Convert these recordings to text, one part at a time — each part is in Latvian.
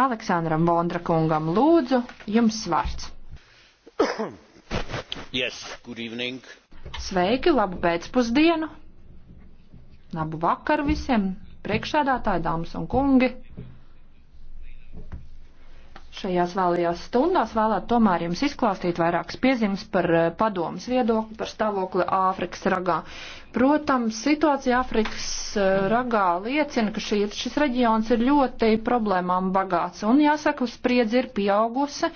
Aleksandram Vondrakungam lūdzu, jums vārds. Yes, good evening. Sveiki, labu pēcpusdienu. Labu vakaru visiem priekšsēdātāji, dāmas un kungi šajās vēlajās stundās vēlētu tomēr jums izklāstīt vairākas piezīmes par eh, padomas viedokli, par stāvokli Āfrikas ragā. Protams, situācija Āfrikas eh, ragā liecina, ka šī, šis reģions ir ļoti problēmām bagāts un, jāsaka, spriedzi ir pieaugusi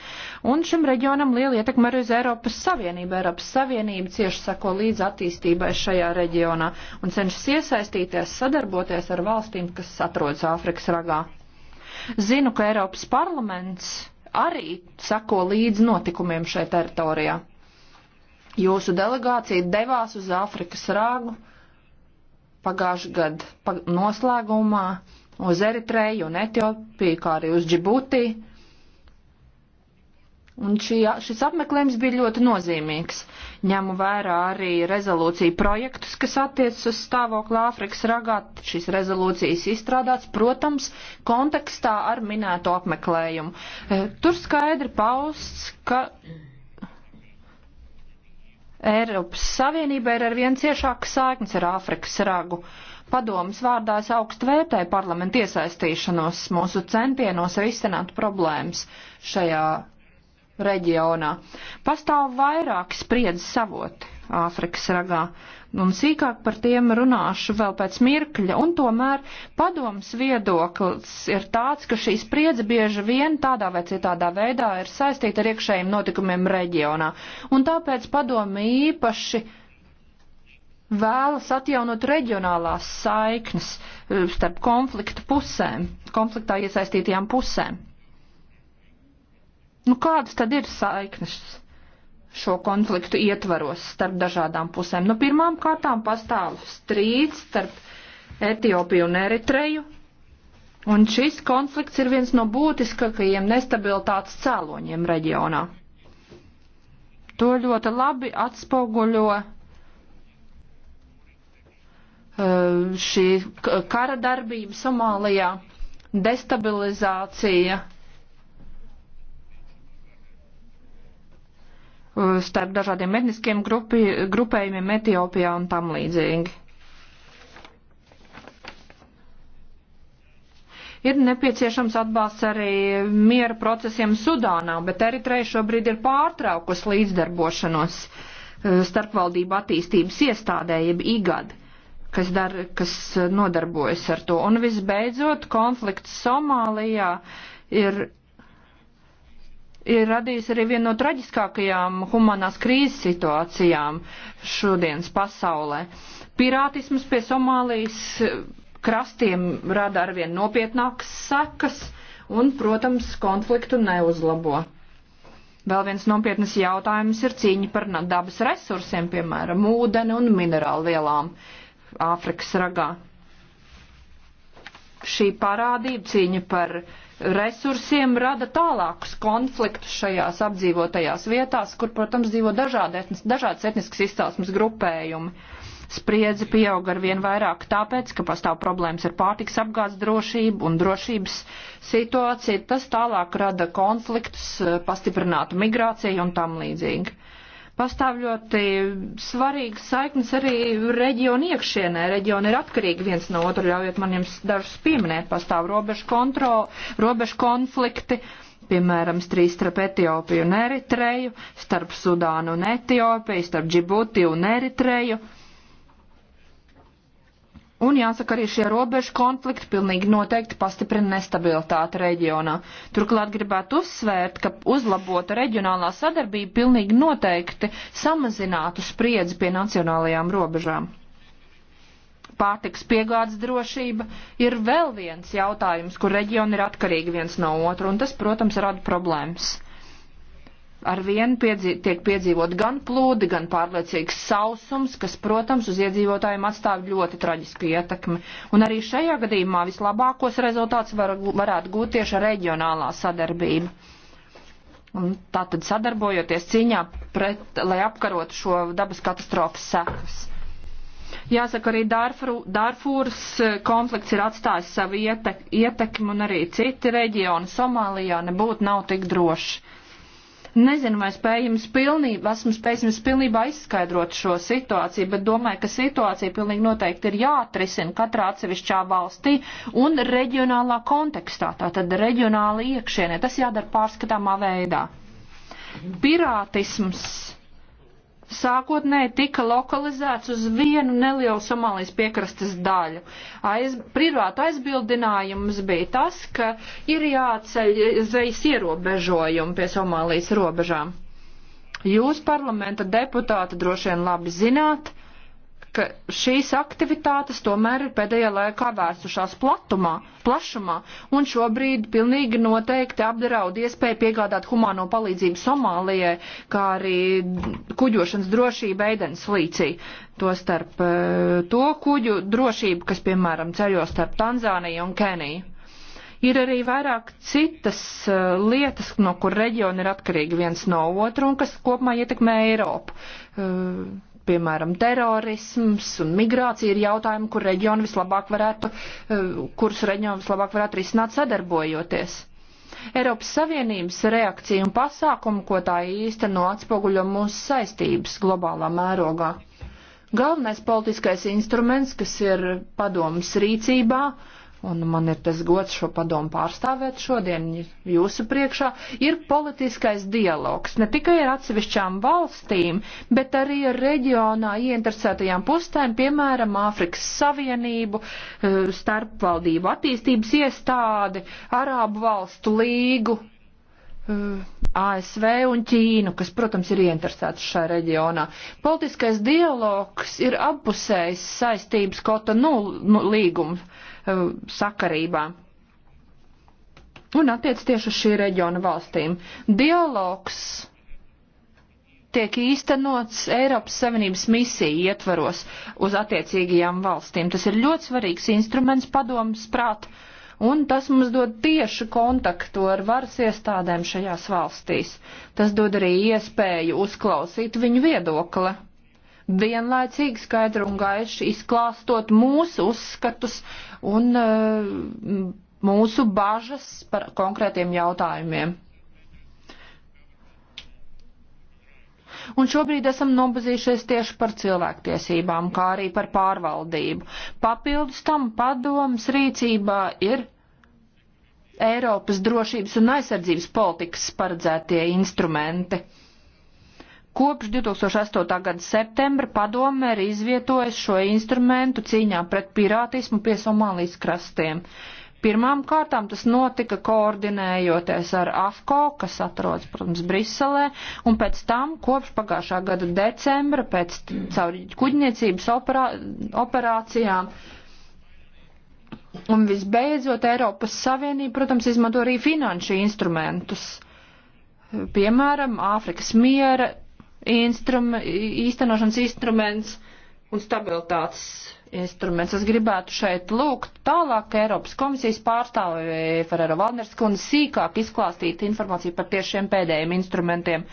un šim reģionam liela ietekme arī uz Eiropas Savienību. Eiropas Savienība cieši sako līdz attīstībai šajā reģionā un cenšas iesaistīties, sadarboties ar valstīm, kas atrodas Āfrikas ragā. Zinu, ka Eiropas parlaments arī sako līdz notikumiem šajā teritorijā. Jūsu delegācija devās uz Āfrikas rāgu pagājušā gada noslēgumā uz Eritreju un Etiopiju, kā arī uz Džibutiju Un šī, šis apmeklējums bija ļoti nozīmīgs. Ņemu vērā arī rezolūciju projektus, kas attiecas uz stāvokli Āfrikas ragā. Šīs rezolūcijas izstrādāts, protams, kontekstā ar minēto apmeklējumu. Eh, tur skaidri pausts, ka Eiropas Savienība ir ar vien ciešāka saiknes ar Āfrikas ragu. Padomas vārdā es augstu vērtēju parlamentu iesaistīšanos mūsu centienos risināt problēmas šajā reģionā. Pastāv vairāki spriedzes savoti Āfrikas ragā, un sīkāk par tiem runāšu vēl pēc mirkļa, un tomēr padoms viedoklis ir tāds, ka šī spriedze bieži vien tādā vai citādā veidā ir saistīta ar iekšējiem notikumiem reģionā, un tāpēc padomi īpaši vēlas atjaunot reģionālās saiknes eh, starp konfliktu pusēm, konfliktā iesaistītajām pusēm. Nu, kādas tad ir saiknes šo konfliktu ietvaros starp dažādām pusēm? Nu, pirmām kārtām pastāv strīds starp Etiopiju un Eritreju, un šis konflikts ir viens no būtiskākajiem nestabilitātes cēloņiem reģionā. To ļoti labi atspoguļo uh, šī kara darbība Somālijā, destabilizācija Uh, starp dažādiem etniskiem grupi, grupējumiem Etiopijā un tam līdzīgi. ir nepieciešams atbalsts arī miera procesiem Sudānā, bet Eritreja šobrīd ir pārtraukus līdzdarbošanos uh, starpvaldību attīstības iestādē, jeb IGAD, kas, dar, kas uh, nodarbojas ar to. Un visbeidzot, konflikts Somālijā ir ir radījis arī vienu no traģiskākajām humanās krīzes situācijām šodienas pasaulē. Pirātisms pie Somālijas krastiem rada arvien nopietnākas sekas un, protams, konfliktu neuzlabo. Vēl viens nopietnas jautājums ir cīņa par dabas resursiem, piemēram, ūdeni un minerālu vielām Āfrikas ragā. Šī parādība cīņa par uh, resursiem rada tālākus konfliktus šajās apdzīvotajās vietās, kur, protams, dzīvo dažādi etnis, dažādas etniskas izcelsmes grupējumi. Spriedzi pieaug ar vien vairāk tāpēc, ka pastāv problēmas ar pārtiks apgādes drošību un drošības situāciju. Tas tālāk rada konfliktus, eh, pastiprinātu migrāciju un tam līdzīgi. Pastāv ļoti svarīgas saiknes arī reģionu iekšienē. Reģioni ir atkarīgi viens no otru, ļaujiet man jums dažus pieminēt. Pastāv robežu kontroli, robežu konflikti, piemēram, strīds starp Etiopiju un Eritreju, starp Sudānu un Etiopiju, starp Džibuti un Eritreju. Un jāsaka, arī šie robežu konflikti pilnīgi noteikti pastiprina nestabilitāti reģionā. Turklāt gribētu uzsvērt, ka uzlabota reģionālā sadarbība pilnīgi noteikti samazinātu spriedzi pie nacionālajām robežām. Pārtiks piegādes drošība ir vēl viens jautājums, kur reģioni ir atkarīgi viens no otru, un tas, protams, rada problēmas ar vienu piedzīv, tiek piedzīvot gan plūdi, gan pārliecīgs sausums, kas, protams, uz iedzīvotājiem atstāv ļoti traģisku ietekmi. Un arī šajā gadījumā vislabākos rezultāts var, varētu gūt tieši reģionālā sadarbība. Un tātad sadarbojoties cīņā pret, lai apkarotu šo dabas katastrofas sekas. Jāsaka, arī Darfūras eh, konflikts ir atstājis savu ietekmi un arī citi reģioni Somālijā nebūtu nav tik droši Nezinu, vai spējams pilnībā, esmu spējams pilnībā izskaidrot šo situāciju, bet domāju, ka situācija pilnīgi noteikti ir jāatrisina katrā atsevišķā valstī un reģionālā kontekstā, tātad reģionāli iekšienē. Tas jādara pārskatāmā veidā. Pirātisms sākotnēji tika lokalizēts uz vienu nelielu Somālijas piekrastes daļu. Aiz, privāta aizbildinājums bija tas, ka ir jāceļ zvejas ierobežojumi pie Somālijas robežām. Jūs parlamenta deputāti droši vien labi zināt, ka šīs aktivitātes tomēr ir pēdējā laikā vērsušās platumā, plašumā un šobrīd pilnīgi noteikti apdraud iespēju piegādāt humāno palīdzību Somālijai, kā arī kuģošanas drošība Eidens līcī. Tostarp eh, to kuģu drošību, kas, piemēram, ceļos starp Tanzāniju un Keniju. Ir arī vairāk citas uh, lietas, no kur reģioni ir atkarīgi viens no otru un kas kopumā ietekmē Eiropu. Uh, piemēram, terorisms un migrācija ir jautājumi, kur reģionu vislabāk varētu, eh, kurus reģionu vislabāk varētu risināt sadarbojoties. Eiropas Savienības reakcija un pasākumu, ko tā īsteno, atspoguļo mūsu saistības globālā mērogā. Galvenais politiskais instruments, kas ir padomas rīcībā, uh, un man ir tas gods šo padomu pārstāvēt šodien jūsu priekšā, ir politiskais dialogs ne tikai ar atsevišķām valstīm, bet arī ar reģionā ieinteresētajām pustēm, piemēram, Āfrikas Savienību, eh, starpvaldību attīstības iestādi, Arābu valstu līgu. Eh, ASV un Ķīnu, kas, protams, ir ieinteresēts šajā reģionā. Politiskais dialogs ir apusējis saistības kota nu, nu, līguma uh, Um, sakarībā un attiec tieši uz šī reģiona valstīm. Dialogs tiek īstenots Eiropas Savienības misiju ietvaros uz attiecīgajām valstīm. Tas ir ļoti svarīgs instruments padomas prāt, un tas mums dod tieši kontaktu ar varas iestādēm šajās valstīs. Tas dod arī iespēju uzklausīt viņu viedokli vienlaicīgi skaidri un gaiši izklāstot mūsu uzskatus un eh, mūsu bažas par konkrētiem jautājumiem. un šobrīd esam nobazījušies tieši par cilvēktiesībām, kā arī par pārvaldību. Papildus tam padomas rīcībā ir Eiropas drošības un aizsardzības politikas paredzētie instrumenti. Kopš 2008. gada septembra padome ir izvietojis šo instrumentu cīņā pret pirātismu pie Somālijas krastiem. Pirmām kārtām tas notika koordinējoties ar AFCO, kas atrodas, protams, Briselē, un pēc tam, kopš pagājušā gada decembra, pēc caur kuģniecības operā, operācijām, un visbeidzot Eiropas Savienība, protams, izmanto arī finanšu instrumentus piemēram, Āfrikas miera instrum, īstenošanas instruments un stabilitātes instruments. Es gribētu šeit lūgt tālāk Eiropas komisijas pārstāvi Ferrero Valners kundze sīkāk izklāstīt informāciju par tieši šiem pēdējiem instrumentiem.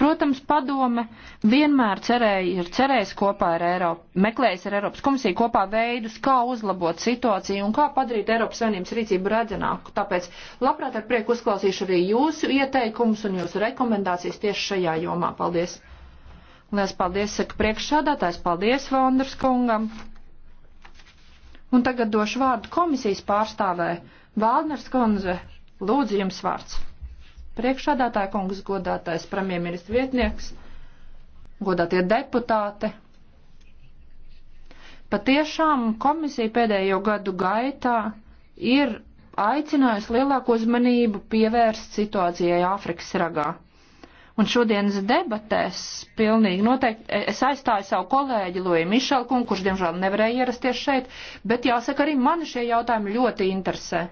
Protams, padome vienmēr cerēja, ir cerējis kopā ar Eiropu, meklējis ar Eiropas komisiju kopā veidus, kā uzlabot situāciju un kā padarīt Eiropas Savienības rīcību redzenāku. Tāpēc labprāt ar prieku uzklausīšu arī jūsu ieteikumus un jūsu rekomendācijas tieši šajā jomā. Paldies! Lielas paldies, saka priekšsādātājs, paldies Vondras kungam. Un tagad došu vārdu komisijas pārstāvē. Valdners kundze, lūdzu jums vārds. Priekšsādātāja kungs, godātais premjerministra vietnieks, godātie deputāti. Patiešām komisija pēdējo gadu gaitā ir aicinājusi lielāku uzmanību pievērst situācijai Āfrikas ragā Un šodienas debatēs pilnīgi noteikti e, es aizstāju savu kolēģi Loju Mišelku, kurš diemžēl nevarēja ierasties šeit, bet jāsaka arī mani šie jautājumi ļoti interesē e,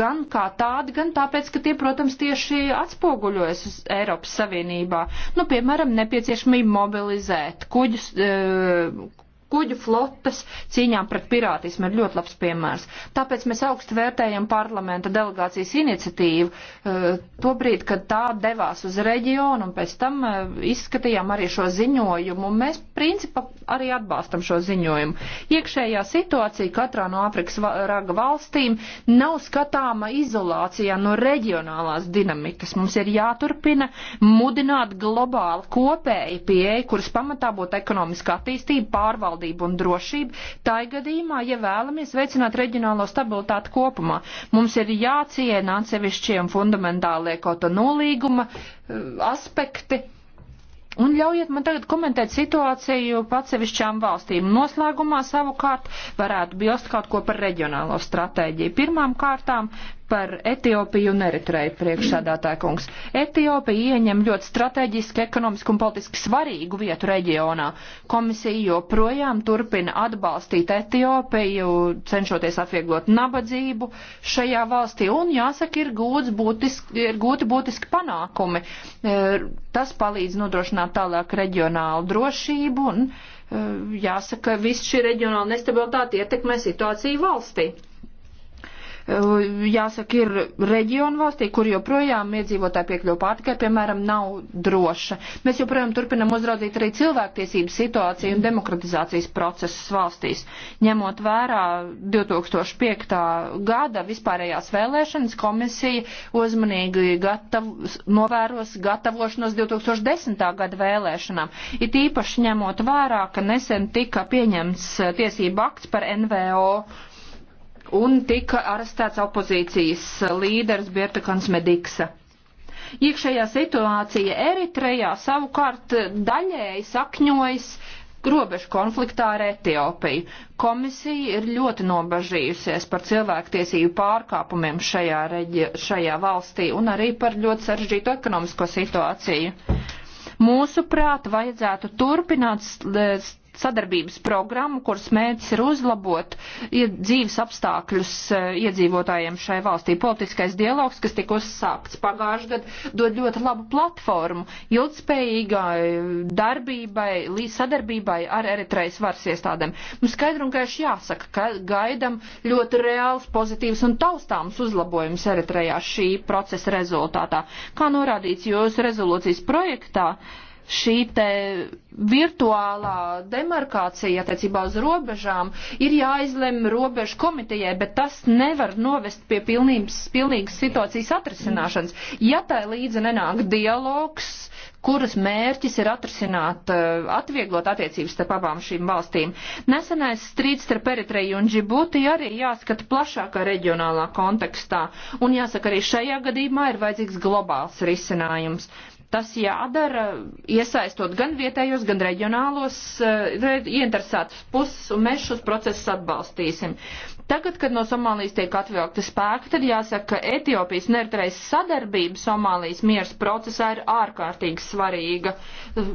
gan kā tādi, gan tāpēc, ka tie, protams, tieši atspoguļojas Eiropas Savienībā. Nu, piemēram, nepieciešamība mobilizēt kuģus, e, kuģu flotes cīņām pret pirātismu ir ļoti labs piemērs. Tāpēc mēs augstu vērtējam parlamenta delegācijas iniciatīvu eh, tobrīd, kad tā devās uz reģionu un pēc tam eh, izskatījām arī šo ziņojumu. Un mēs principā arī atbalstam šo ziņojumu. Iekšējā situācija katrā no Āfrikas raga valstīm nav skatāma izolācijā no reģionālās dinamikas. Mums ir jāturpina mudināt globāli kopēji pieeja, kuras pamatā būtu ekonomiska attīstība, pārvaldība pārvaldību un drošību, tā ir gadījumā, ja vēlamies veicināt reģionālo stabilitāti kopumā. Mums ir jāciena atsevišķie un fundamentālie kaut nolīguma eh, aspekti. Un ļaujiet man tagad komentēt situāciju pacevišķām valstīm. Noslēgumā savukārt varētu bilst kaut ko par reģionālo stratēģiju. Pirmām kārtām par Etiopiju un Eritreju priekšsādātāja kungs. Etiopija ieņem ļoti strateģiski, ekonomiski un politiski svarīgu vietu reģionā. Komisija joprojām turpina atbalstīt Etiopiju, cenšoties atvieglot nabadzību šajā valstī un, jāsaka, ir, būtiski, ir gūti būtiski panākumi. E, tas palīdz nodrošināt tālāk reģionālu drošību un, e, jāsaka, viss šī reģionāla nestabilitāte ietekmē situāciju valstī. Eh, jāsaka, ir reģionu valstī, kur joprojām iedzīvotāji piekļuva pārtikai, piemēram, nav droša. Mēs joprojām turpinam uzraudzīt arī cilvēktiesību situāciju un demokratizācijas procesus valstīs. Ņemot vērā 2005. gada vispārējās vēlēšanas, komisija uzmanīgi gatav, novēros gatavošanos 2010. gada vēlēšanām. It īpaši ņemot vērā, ka nesen tika pieņemts tiesība akts par NVO un tika arestēts opozīcijas līderis Biertakans Mediksa. Iekšējā situācija Eritrejā savukārt daļēji sakņojas robežu konfliktā ar Etiopiju. Komisija ir ļoti nobažījusies par cilvēktiesību pārkāpumiem šajā, reģi, šajā valstī un arī par ļoti sarežģītu ekonomisko situāciju. Mūsuprāt, vajadzētu turpināt sadarbības programmu, kuras mērķis ir uzlabot dzīves apstākļus e, iedzīvotājiem šai valstī. Politiskais dialogs, kas tika uzsākts pagājušajā gadā, dod ļoti labu platformu ilgspējīgai e, darbībai, līdz sadarbībai ar Eritrejas varas iestādēm. Mums skaidri un gaiši jāsaka, ka gaidam ļoti reāls, pozitīvs un taustāms uzlabojums Eritrejā šī procesa rezultātā. Kā norādīts jūsu rezolūcijas projektā, uh, šī te virtuālā demarkācija attiecībā uz robežām ir jāizlem robežu komitejai, bet tas nevar novest pie pilnības, pilnīgas situācijas atrisināšanas. Ja tai līdzi nenāk dialogs, kuras mērķis ir atrisināt, eh, atvieglot attiecības starp abām šīm valstīm. Nesenais strīds starp Eritreju un Džibuti arī jāskata plašākā reģionālā kontekstā, un jāsaka arī šajā gadījumā ir vajadzīgs globāls risinājums. Tas jādara, iesaistot gan vietējos, gan reģionālos eh, ieinteresētas puses, un mēs šos procesus atbalstīsim. Tagad, kad no Somālijas tiek atvilkti spēki, tad jāsaka, ka Etiopijas un Eritrejas sadarbība Somālijas mieras procesā ir ārkārtīgi svarīga,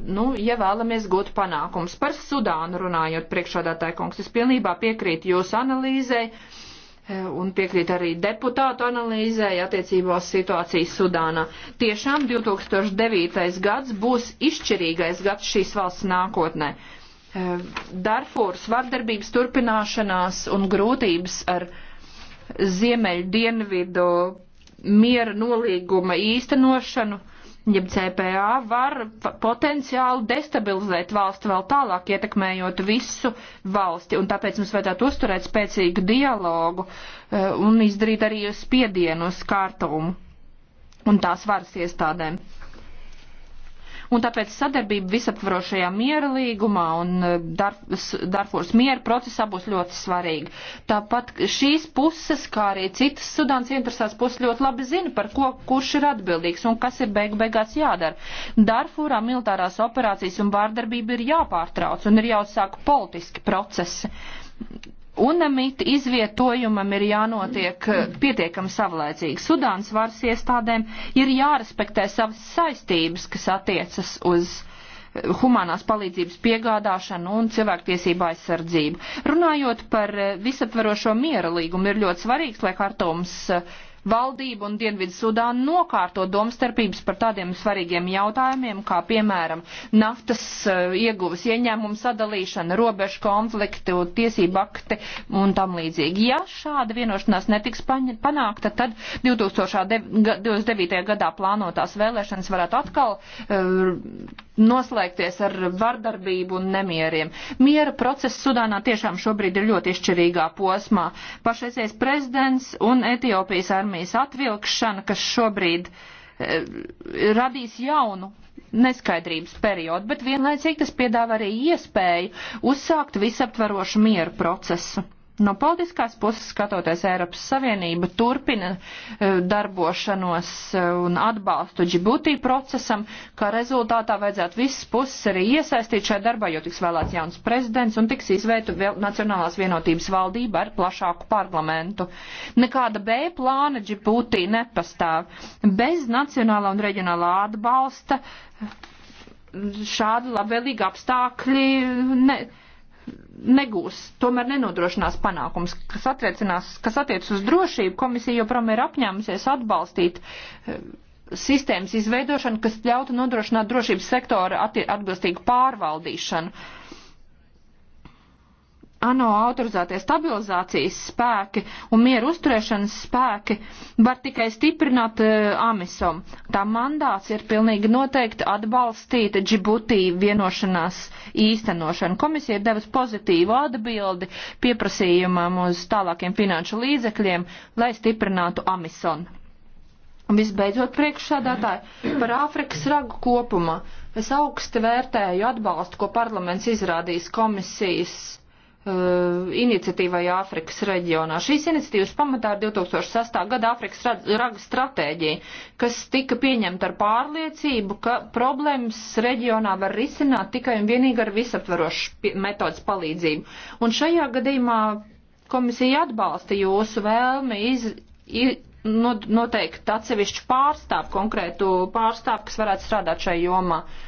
nu, ja vēlamies gūt panākums. Par Sudānu runājot priekšādātāja kungs, es pilnībā piekrītu jūsu analīzei. Uh, un piekrīt arī deputātu analīzēja attiecībā uz situāciju Sudānā. Tiešām 2009. gads būs izšķirīgais gads šīs valsts nākotnē. Eh, Darfūras vardarbības turpināšanās un grūtības ar ziemeļu dienvidu miera nolīguma īstenošanu uh, jeb CPA, var potenciāli destabilizēt valsti vēl tālāk, ietekmējot visu valsti. Un tāpēc mums vajadzētu uzturēt spēcīgu dialogu eh, un izdarīt arī spiedienu uz kārtumu un tās varas iestādēm un tāpēc sadarbība visaptvarošajā miera līgumā un eh, Darfūras miera procesā būs ļoti svarīga. Tāpat šīs puses, kā arī citas Sudāns interesēs puses ļoti labi zina, par ko kurš ir atbildīgs un kas ir beigu beigās jādara. Darfūrā militārās operācijas un vārdarbība ir jāpārtrauc un ir jāuzsāk politiski procesi UNAMIT izvietojumam ir jānotiek eh, pietiekami savlaicīgi. Sudānas varas iestādēm ir jārespektē savas saistības, kas attiecas uz eh, humanās palīdzības piegādāšanu un cilvēktiesību aizsardzību. Runājot par eh, visaptverošo miera līgumu, ir ļoti svarīgs, lai kartums uh, Valdība un Dienvidu Sudāna nokārto domstarpības par tādiem svarīgiem jautājumiem, kā piemēram naftas eh, ieguves ieņēmumu sadalīšana, robežu konflikti, tiesību akti un tam līdzīgi. Ja šāda vienošanās netiks panākta, tad 2029. gadā plānotās vēlēšanas varētu atkal uh, noslēgties ar vardarbību un nemieriem. Miera process Sudānā tiešām šobrīd ir ļoti izšķirīgā posmā. Pašreizies prezidents un Etiopijas armijas atvilkšana, kas šobrīd eh, radīs jaunu neskaidrības periodu, bet vienlaicīgi tas piedāvā arī iespēju uzsākt visaptvarošu mieru procesu. No politiskās puses skatoties, Eiropas Savienība turpina e, darbošanos e, un atbalstu Džibutī procesam, kā rezultātā vajadzētu visas puses arī iesaistīt šajā darbā, jo tiks vēlēts jauns prezidents un tiks izveidu Nacionālās vienotības valdība ar plašāku parlamentu. Nekāda B plāna Džibutī nepastāv. Bez nacionālā un reģionālā atbalsta šādi labvēlīgi apstākļi. Ne, negūs, tomēr nenodrošinās panākums, kas, kas attiec uz drošību. Komisija joprojām ir apņēmusies atbalstīt eh, sistēmas izveidošanu, kas ļautu nodrošināt drošības sektora atbilstīgu pārvaldīšanu ANO autorizētie stabilizācijas spēki un mieru uzturēšanas spēki var tikai stiprināt uh, Amisom. Tā mandāts ir pilnīgi noteikti atbalstīt Džibutī vienošanās īstenošanu. Komisija ir devis pozitīvu atbildi pieprasījumam uz tālākiem finanšu līdzekļiem, lai stiprinātu Amison. Un visbeidzot priekšsādātāji par Āfrikas ragu kopumā. Es augsti vērtēju atbalstu, ko parlaments izrādīs komisijas Uh, iniciatīvai Āfrikas reģionā. Šīs iniciatīvas pamatā ir 2006. gada Āfrikas raga stratēģija, kas tika pieņemta ar pārliecību, ka problēmas reģionā var risināt tikai un vienīgi ar visaptverošu metodas palīdzību. Un šajā gadījumā komisija atbalsta jūsu vēlmi iz, iz, noteikti atsevišķu pārstāvu, konkrētu pārstāvu, kas varētu strādāt šai jomā. Uh,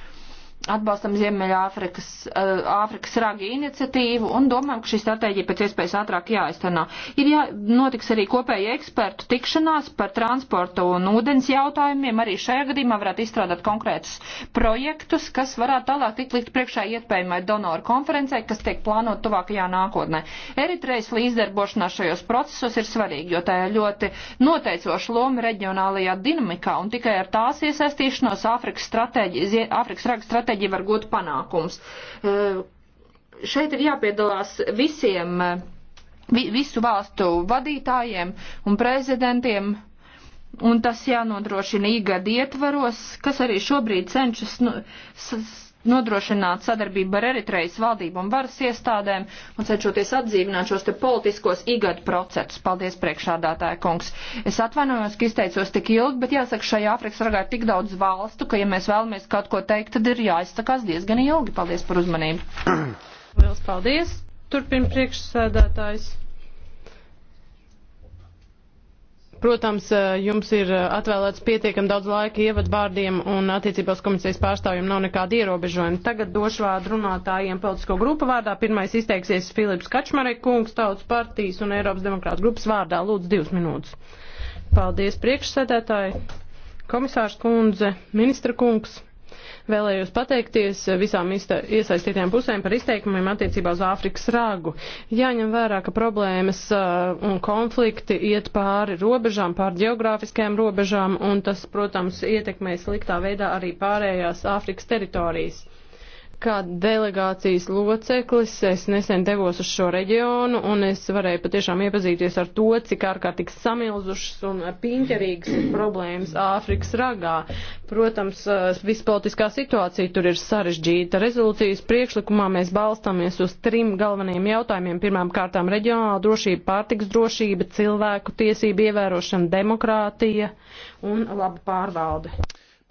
atbalstam Ziemeļāfrikas eh, Āfrikas ragi iniciatīvu un domājam, ka šī stratēģija pēc iespējas ātrāk jāiztenā. Ir jā, notiks arī kopēja ekspertu tikšanās par transportu un ūdens jautājumiem. Arī šajā gadījumā varētu izstrādāt konkrētus projektus, kas varētu tālāk tikt likt priekšā iespējamai donoru konferencē, kas tiek plānot tuvākajā nākotnē. Eritrejas līdzdarbošanās šajos procesos ir svarīgi, jo tā ir ļoti noteicoša loma reģionālajā dinamikā un tikai ar tās iesaistīšanos Āfrikas, Āfrikas raga stratēģija stratēģija var gūt panākums. Eh, šeit ir jāpiedalās visiem, eh, visu valstu vadītājiem un prezidentiem un tas jānodrošina īgad ietvaros, kas arī šobrīd cenšas nu, nodrošināt sadarbību ar Eritrejas valdību un varas iestādēm un cenšoties atdzīvināt šos te politiskos igadu procesus. Paldies, priekšādātāja kungs. Es atvainojos, ka izteicos tik ilgi, bet jāsaka, šajā Afrikas ragā ir tik daudz valstu, ka, ja mēs vēlamies kaut ko teikt, tad ir jāizsakās diezgan ilgi. Paldies par uzmanību. Liels paldies. Turpin priekšsēdētājs. Protams, eh, jums ir eh, atvēlēts pietiekam daudz laika ievadvārdiem un attiecībās komisijas pārstāvjiem nav nekāda ierobežojuma. Tagad došu vārdu runātājiem politisko grupu vārdā. Pirmais izteiksies Filips Kačmarek kungs, Tautas partijas un Eiropas demokrāta grupas vārdā. Lūdzu, divas minūtes. Paldies, priekšsēdētāji, komisārs kundze, ministra kungs. Vēlējos pateikties visām iesaistītajām pusēm par izteikumiem attiecībā uz Āfrikas ragu. Jāņem vērā, ka problēmas uh, un konflikti iet pāri robežām, pāri geogrāfiskajām robežām, un tas, protams, ietekmē sliktā veidā arī pārējās Āfrikas teritorijas kā delegācijas loceklis es nesen devos uz šo reģionu un es varēju patiešām iepazīties ar to, cik ārkārtīgi samilzušas un piņķerīgas problēmas Āfrikas ragā. Protams, eh, vispolitiskā situācija tur ir sarežģīta. Rezolūcijas priekšlikumā mēs balstāmies uz trim galvenajiem jautājumiem. Pirmām kārtām reģionāla drošība, pārtiks drošība, cilvēku tiesība ievērošana, demokrātija un laba pārvalde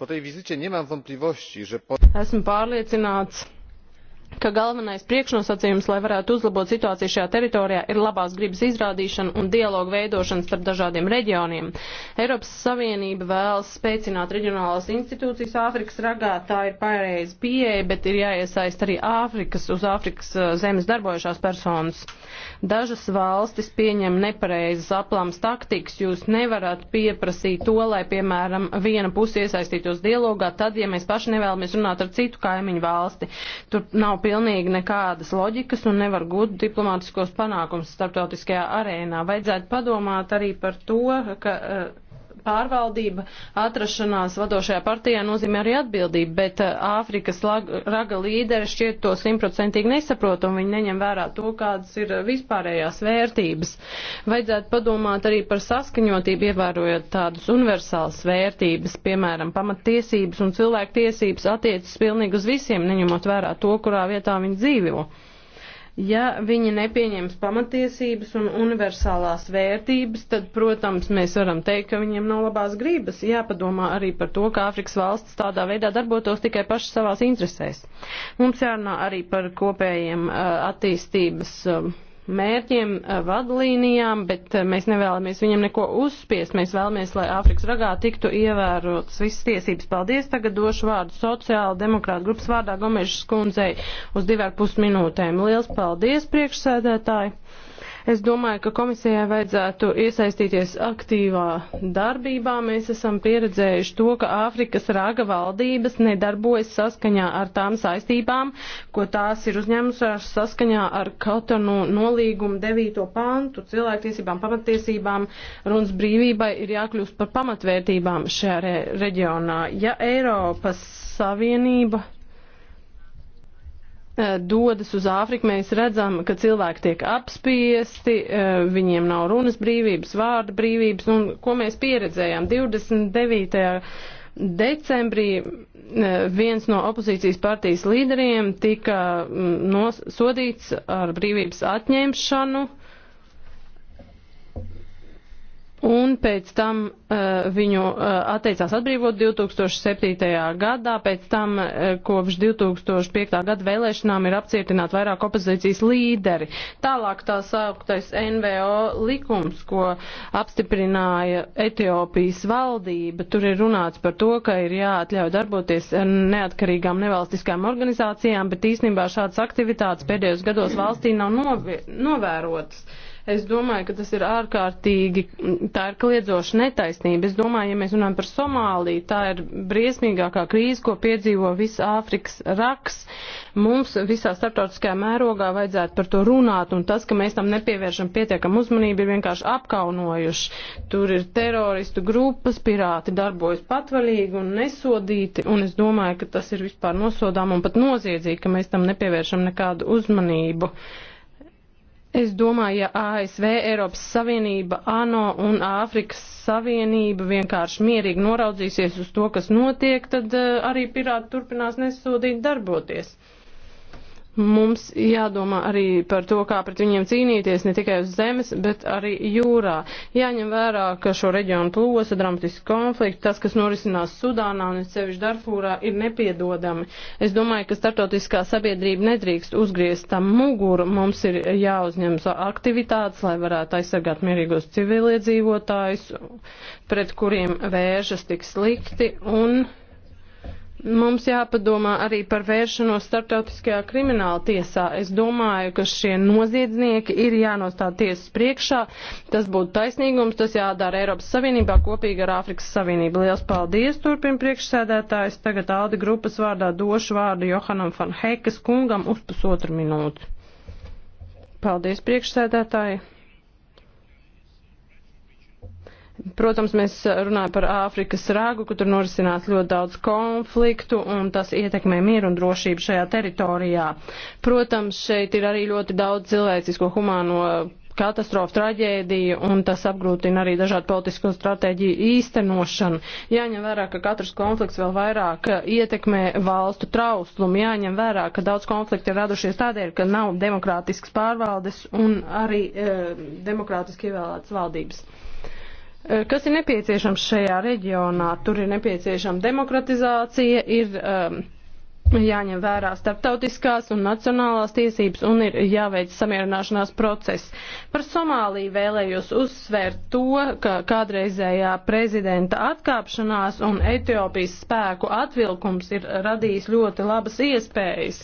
po tej wizycie nie mam wątpliwości że. esmu pārliecināts ka galvenais priekšnosacījums, lai varētu uzlabot situāciju šajā teritorijā, ir labās gribas izrādīšana un dialogu veidošana starp dažādiem reģioniem. Eiropas Savienība vēlas spēcināt reģionālās institūcijas Āfrikas ragā, tā ir pareiza pieeja, bet ir jāiesaist arī Āfrikas, uz Āfrikas uh, zemes darbojušās personas. Dažas valstis pieņem nepareizas aplams taktikas, jūs nevarat pieprasīt to, lai, piemēram, viena puse iesaistītos dialogā, tad, ja mēs paši nevēlamies runāt ar citu kaimiņu valsti, tur nav pie pilnīgi nekādas loģikas un nevar gūt diplomātiskos panākums starptautiskajā arēnā. Vajadzētu padomāt arī par to, ka. Uh, pārvaldība, atrašanās vadošajā partijā nozīmē arī atbildību, bet eh, Āfrikas raga līderi šķiet to simtprocentīgi nesaprot un viņi neņem vērā to, kādas ir eh, vispārējās vērtības. Vajadzētu padomāt arī par saskaņotību, ievērojot tādas universālas vērtības, piemēram, pamatiesības un cilvēktiesības attiecas pilnīgi uz visiem, neņemot vērā to, kurā vietā viņi dzīvo. Ja viņi nepieņems pamatiesības un universālās vērtības, tad, protams, mēs varam teikt, ka viņiem nav labās gribas. Jāpadomā arī par to, ka Āfrikas valsts tādā veidā darbotos tikai paši savās interesēs. Mums jārunā arī par kopējiem attīstības mērķiem, eh, vadlīnijām, bet eh, mēs nevēlamies viņam neko uzspiest. Mēs vēlamies, lai Āfrikas ragā tiktu ievērotas visas tiesības. Paldies. Tagad došu vārdu sociāla demokrāta grupas vārdā Gomešas kundzei uz divar pus minūtēm. Liels paldies, priekšsēdētāji! Es domāju, ka komisijai vajadzētu iesaistīties aktīvā darbībā. Mēs esam pieredzējuši to, ka Āfrikas raga valdības nedarbojas saskaņā ar tām saistībām, ko tās ir uzņēmušās saskaņā ar Kotonu nolīgumu 9. pantu cilvēktiesībām, pamatiesībām, runas brīvībai ir jākļūst par pamatvērtībām šajā re reģionā. Ja Eiropas Savienība Eh, dodas uz Āfriku, mēs redzam, ka cilvēki tiek apspiesti, eh, viņiem nav runas brīvības, vārda brīvības, un ko mēs pieredzējām 29. decembrī eh, viens no opozīcijas partijas līderiem tika mm, nosodīts ar brīvības atņemšanu Un pēc tam uh, viņu uh, atteicās atbrīvot 2007. gadā, pēc tam uh, kopš 2005. gada vēlēšanām ir apcietināti vairāk opozīcijas līderi. Tālāk tā sauktais NVO likums, ko apstiprināja Etiopijas valdība, tur ir runāts par to, ka ir jāatļauj darboties neatkarīgām nevalstiskām organizācijām, bet īstenībā šādas aktivitātes pēdējos gados valstī nav novērotas. Es domāju, ka tas ir ārkārtīgi, tā ir kliedzoša netaisnība. Es domāju, ja mēs runājam par Somāliju, tā ir briesmīgākā krīze, ko piedzīvo viss Āfrikas raks. Mums visā starptautiskajā mērogā vajadzētu par to runāt, un tas, ka mēs tam nepievēršam pietiekam uzmanību, ir vienkārši apkaunojuši. Tur ir teroristu grupas, pirāti darbojas patvaļīgi un nesodīti, un es domāju, ka tas ir vispār nosodām un pat noziedzīgi, ka mēs tam nepievēršam nekādu uzmanību. Es domāju, ja ASV, Eiropas Savienība, ANO un Āfrikas Savienība vienkārši mierīgi noraudzīsies uz to, kas notiek, tad eh, arī pirāti turpinās nesodīt darboties. Mums jādomā arī par to, kā pret viņiem cīnīties ne tikai uz zemes, bet arī jūrā. Jāņem vērā, ka šo reģionu plosa dramatiski konflikti, tas, kas norisinās Sudānā un sevišķi Darfūrā, ir nepiedodami. Es domāju, ka startautiskā sabiedrība nedrīkst uzgriezt tam muguru. Mums ir jāuzņemas aktivitātes, lai varētu aizsargāt mierīgos civiliedzīvotājus, pret kuriem vēršas tik slikti. Un Mums jāpadomā arī par vēršanos starptautiskajā krimināla tiesā. Es domāju, ka šie noziedznieki ir jānostāv tiesas priekšā. Tas būtu taisnīgums, tas jādara Eiropas Savienībā kopīgi ar Āfrikas Savienību. Liels paldies, turpina priekšsēdētājs. Tagad Aldi grupas vārdā došu vārdu Johanam van Heikas kungam uz pusotru minūtu. Paldies, priekšsēdētāji! Protams, mēs runājam par Āfrikas rāgu, kur tur norisinās ļoti daudz konfliktu, un tas ietekmē mieru un drošību šajā teritorijā. Protams, šeit ir arī ļoti daudz cilvēcisko humāno katastrofa, traģēdija, un tas apgrūtina arī dažādu politisko stratēģiju īstenošanu. Jāņem vērā, ka katrs konflikts vēl vairāk ietekmē valstu trauslumu, jāņem vērā, ka daudz konflikti ir radušies tādēļ, ka nav demokrātiskas pārvaldes un arī e, demokrātiski ievēlētas valdības. Eh, kas ir nepieciešams šajā reģionā? Tur ir nepieciešama demokratizācija, ir. Um, jāņem vērā starptautiskās un nacionālās tiesības un ir jāveic samierināšanās process. Par Somāliju vēlējos uzsvērt to, ka kādreizējā prezidenta atkāpšanās un Etiopijas spēku atvilkums ir radījis ļoti labas iespējas.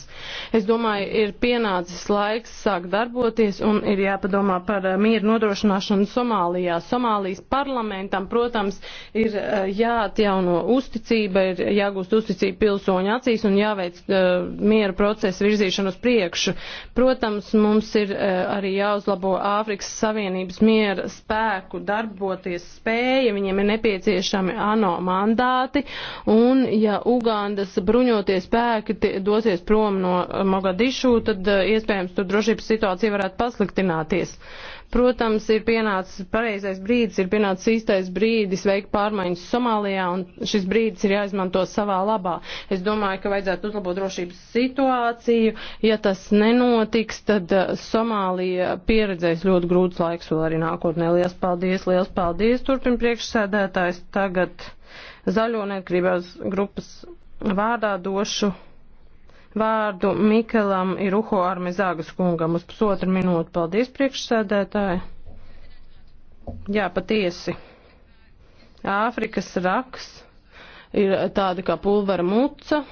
Es domāju, ir pienācis laiks sākt darboties un ir jāpadomā par eh, mieru nodrošināšanu Somālijā. Somālijas parlamentam, protams, ir eh, jāatjauno uzticība, ir jāgūst uzticība pilsoņu acīs un jāveic jāveic uh, miera procesa virzīšana uz priekšu. Protams, mums ir uh, arī jāuzlabo Āfrikas Savienības miera spēku darboties spēja, viņiem ir nepieciešami ANO mandāti, un ja Ugandas bruņoties spēki dosies prom no Mogadišu, tad uh, iespējams tur drošības situācija varētu pasliktināties. Uh, Protams, ir pienācis pareizais brīdis, ir pienācis īstais brīdis veikt pārmaiņas Somālijā, un šis brīdis ir jāizmanto savā labā. Es domāju, ka vajadzētu uzlabot drošības situāciju. Ja tas nenotiks, tad eh, Somālija pieredzēs ļoti grūts laiks vēl arī nākotnē. Lielas paldies, liels paldies, turpin priekšsēdētājs. Tagad zaļo neatkarībās grupas vārdā došu vārdu Mikelam Iruho Armezāgas kungam uz pusotru minūtu. Paldies, priekšsēdētāji. Jā, patiesi. Āfrikas raks ir tāda kā pulvera muca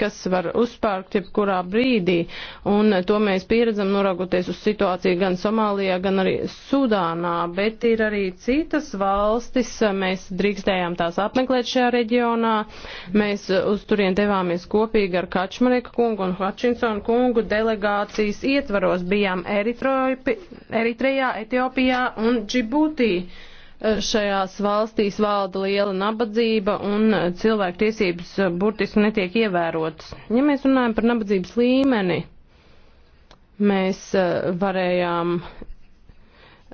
kas var uzspērkt jebkurā brīdī. Un to mēs pieredzam noraugoties uz situāciju gan Somālijā, gan arī Sudānā, bet ir arī citas valstis. Mēs drīkstējām tās apmeklēt šajā reģionā. Mēs uz turien devāmies kopīgi ar Kačmarika kungu un Hutchinsonu kungu delegācijas ietvaros. Bijām Eritrojpi, Eritrejā, Etiopijā un Džibūtī šajās valstīs valda liela nabadzība un cilvēku tiesības burtiski netiek ievērotas. Ja mēs runājam par nabadzības līmeni, mēs eh, varējām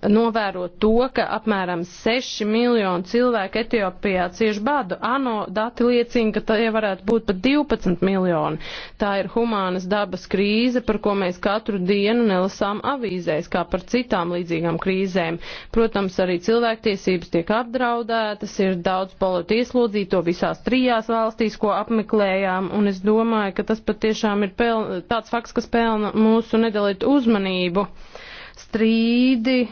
novērot to, ka apmēram 6 miljoni cilvēku Etiopijā cieši badu. ANO dati liecina, ka tie varētu būt pat 12 miljoni. Tā ir humānas dabas krīze, par ko mēs katru dienu nelasām avīzēs, kā par citām līdzīgām krīzēm. Protams, arī cilvēktiesības tiek apdraudētas, ir daudz politi ieslodzīto visās trijās valstīs, ko apmeklējām, un es domāju, ka tas patiešām ir peln, tāds fakts, kas pelna mūsu nedalīt uzmanību. Strīdi,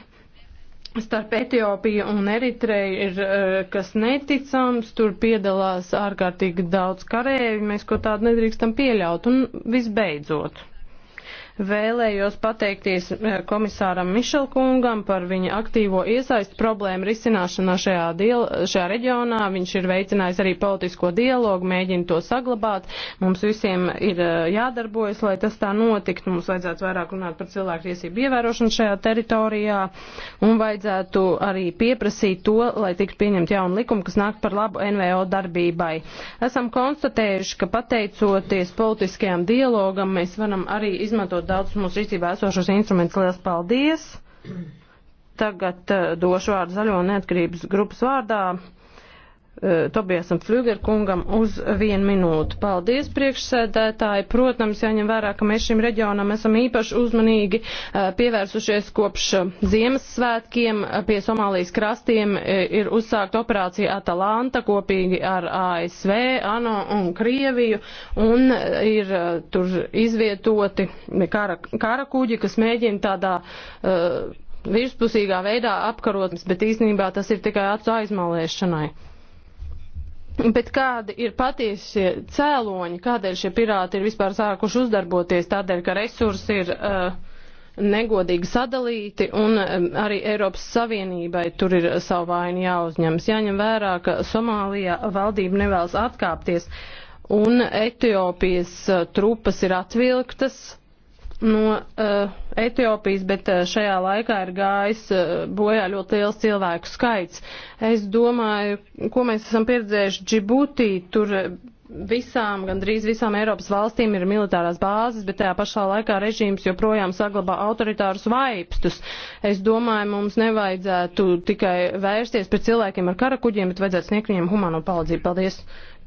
starp Etiopiju un Eritreju ir eh, kas neticams, tur piedalās ārkārtīgi daudz karēvi, mēs ko tādu nedrīkstam pieļaut. Un visbeidzot. Vēlējos pateikties eh, komisāram Mišelkungam par viņa aktīvo iesaistu problēmu risināšanā šajā, diel, šajā reģionā. Viņš ir veicinājis arī politisko dialogu, mēģina to saglabāt. Mums visiem ir eh, jādarbojas, lai tas tā notiktu. Mums vajadzētu vairāk runāt par cilvēku tiesību ievērošanu šajā teritorijā un vajadzētu arī pieprasīt to, lai tiktu pieņemt jaunu likumu, kas nāk par labu NVO darbībai. Esam konstatējuši, ka pateicoties politiskajam dialogam, mēs varam arī izmantot daudz mūsu rīcībā esošos instrumentus. Lielas paldies! Tagad uh, došu vārdu zaļo neatkarības grupas vārdā. Eh, Tobiasam Flügerkungam uz vienu minūtu. Paldies, priekšsēdētāji. Protams, jāņem vērā, ka mēs šim reģionam esam īpaši uzmanīgi eh, pievērsušies kopš eh, Ziemassvētkiem. Pie Somālijas krastiem ir uzsākta operācija Atalanta kopīgi ar ASV, ANO un Krieviju, un ir tur izvietoti kara, kara kuģi, kas mēģina tādā uh, virspusīgā veidā apkarot, bet īstenībā tas ir tikai acu aizmalēšanai. Bet kādi ir patiesie cēloņi, kādēļ šie pirāti ir vispār sākuši uzdarboties? Tādēļ, ka resursi ir uh, negodīgi sadalīti un um, arī Eiropas Savienībai tur ir savu vainu jāuzņemas. Jāņem vērā, ka Somālijā valdība nevēlas atkāpties un Etiopijas uh, trupas ir atvilktas no uh, Etiopijas, bet uh, šajā laikā ir gājis uh, bojā ļoti liels cilvēku skaits. Es domāju, ko mēs esam pieredzējuši Džibutī, tur visām, gandrīz visām Eiropas valstīm ir militārās bāzes, bet tajā pašā laikā režīms joprojām saglabā autoritārus vaipstus. Es domāju, mums nevajadzētu tikai vērsties pret cilvēkiem ar karakuģiem, bet vajadzētu sniegt viņiem humano palīdzību. Paldies!